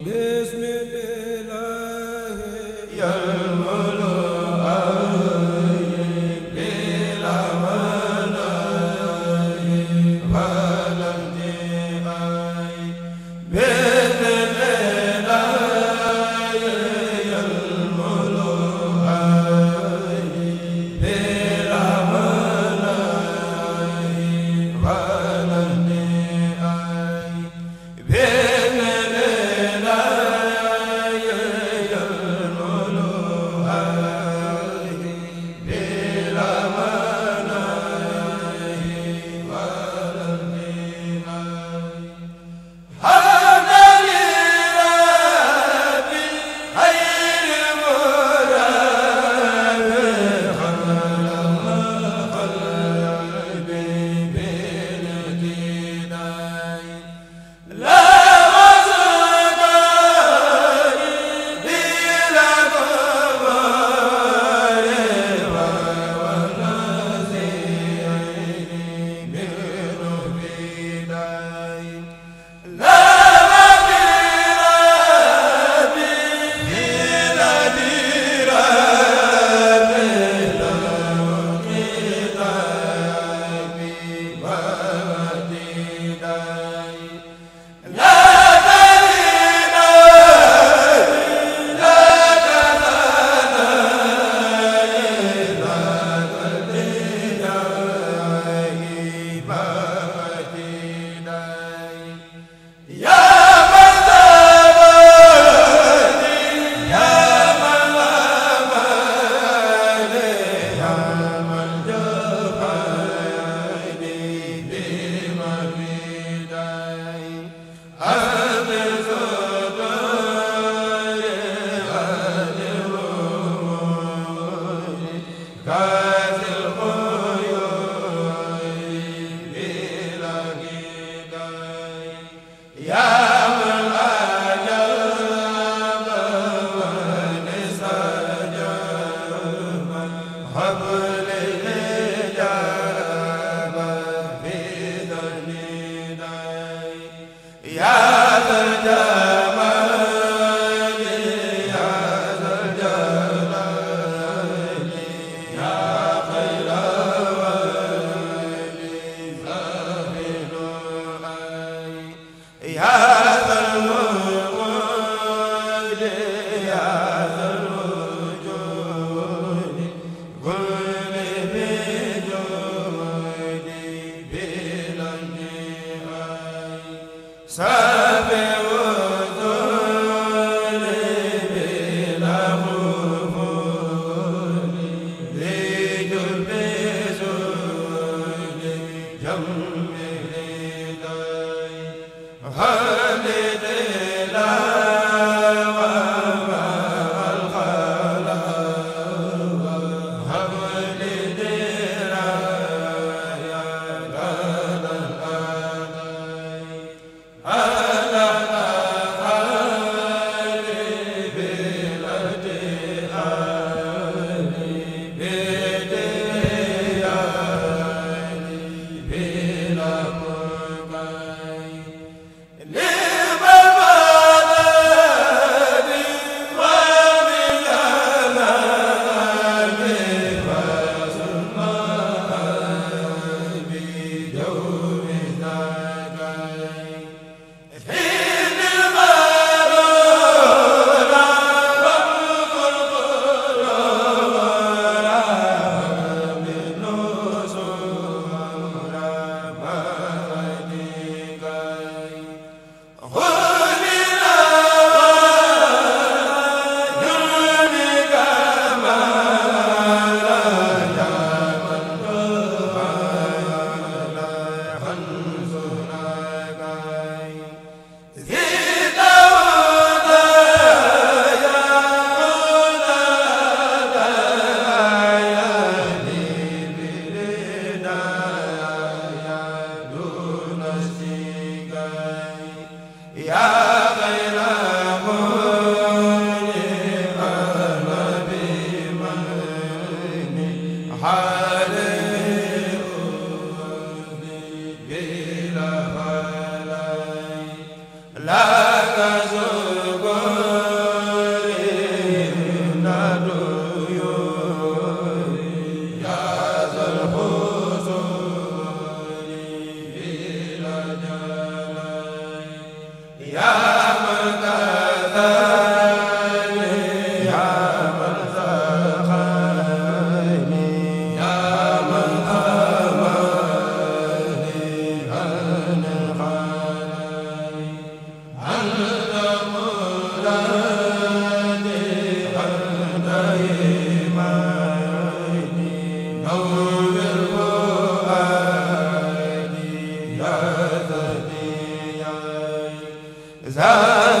Yeah.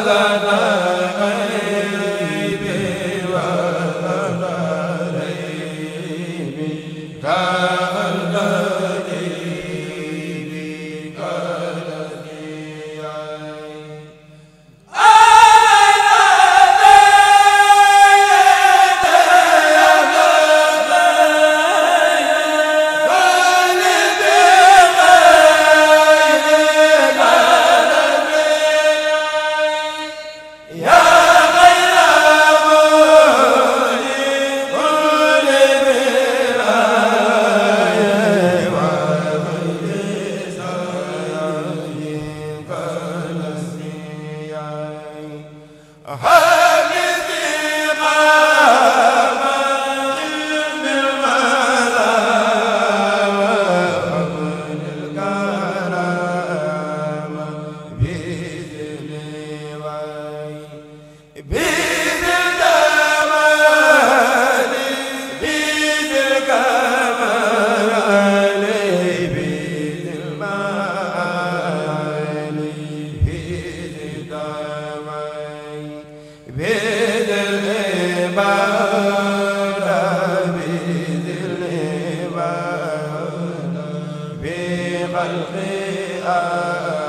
la a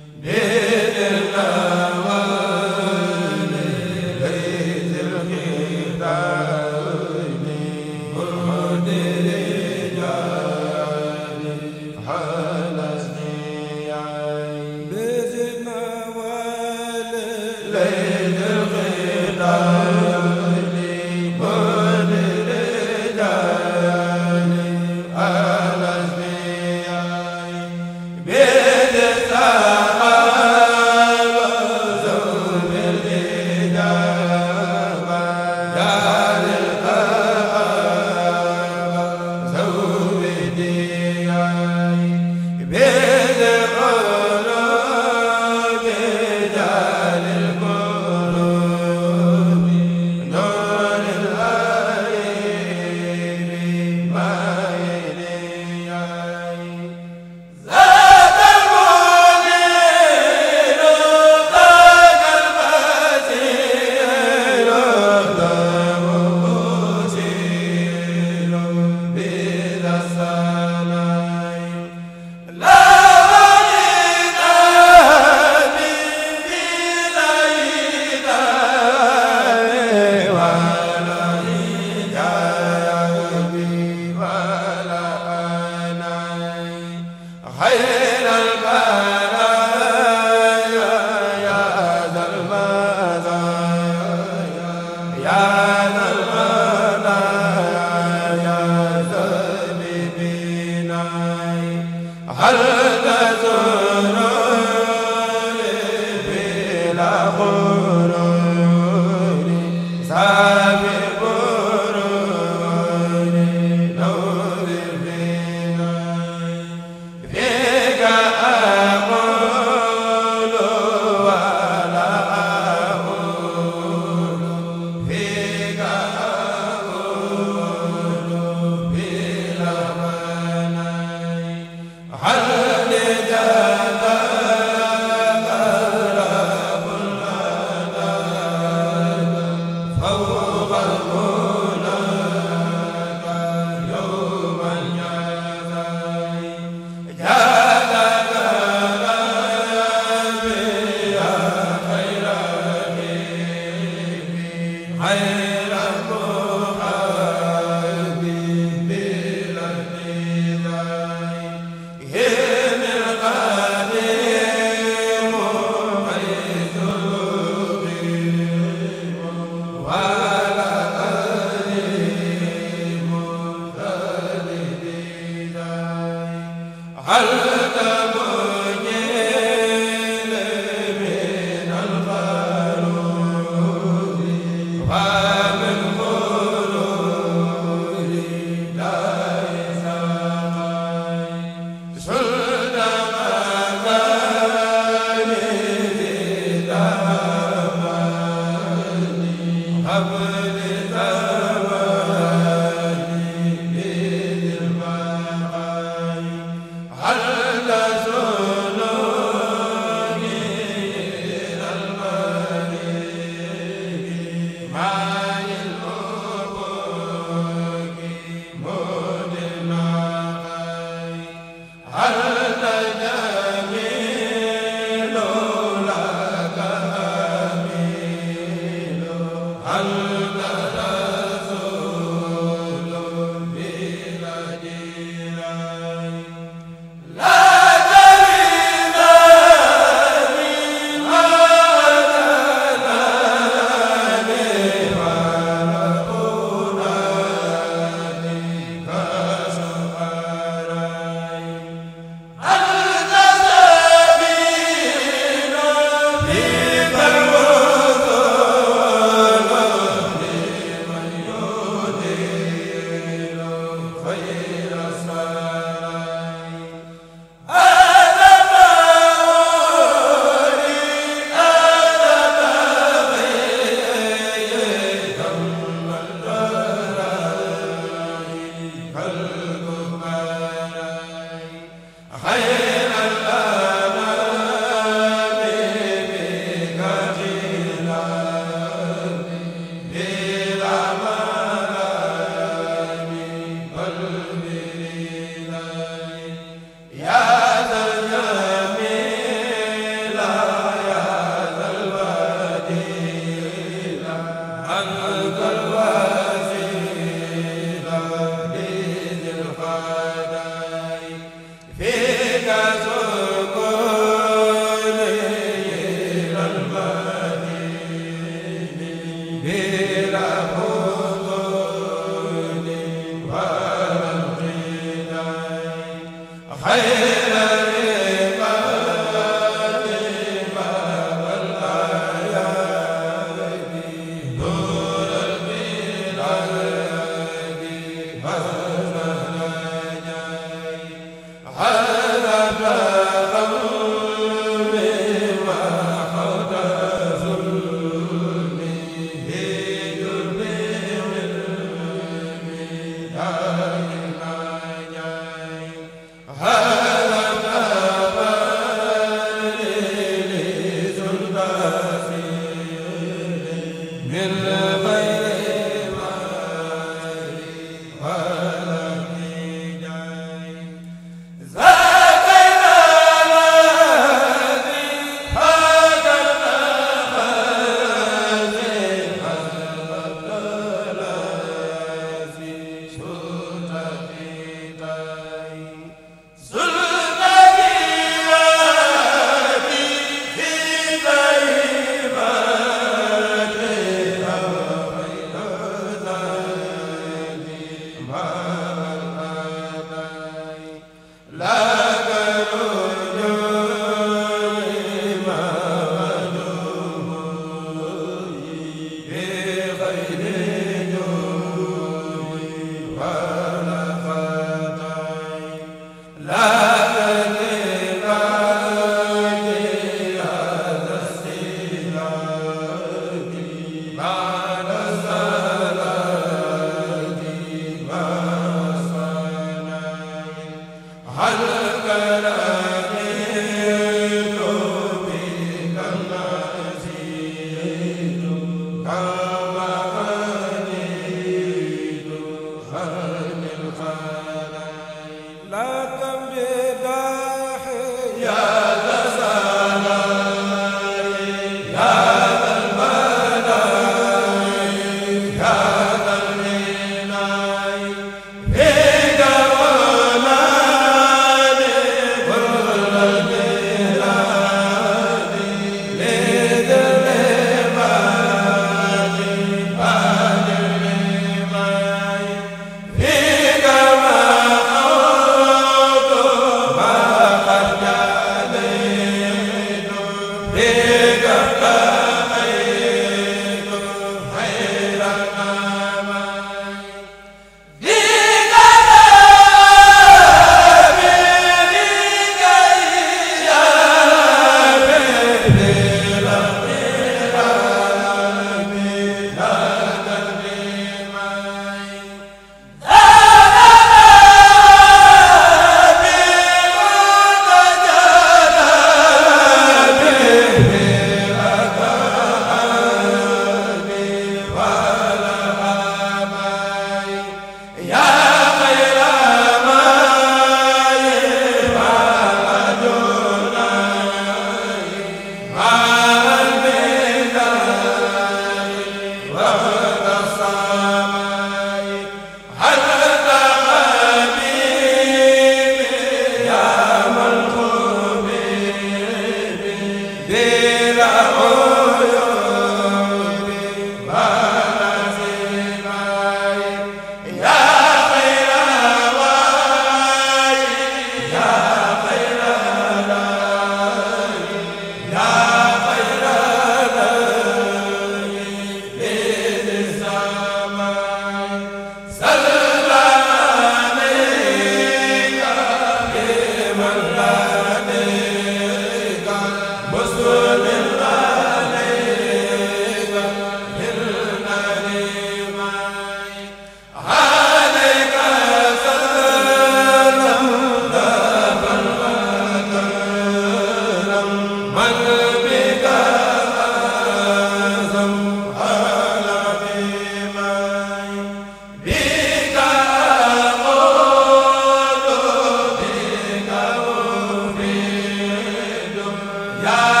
yaa